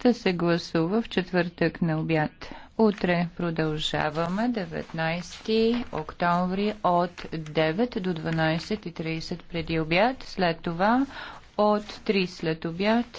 ще се гласува в четвъртък на обяд. Утре продължаваме 19 октомври от 9 до 12.30 преди обяд. След това от 3 след обяд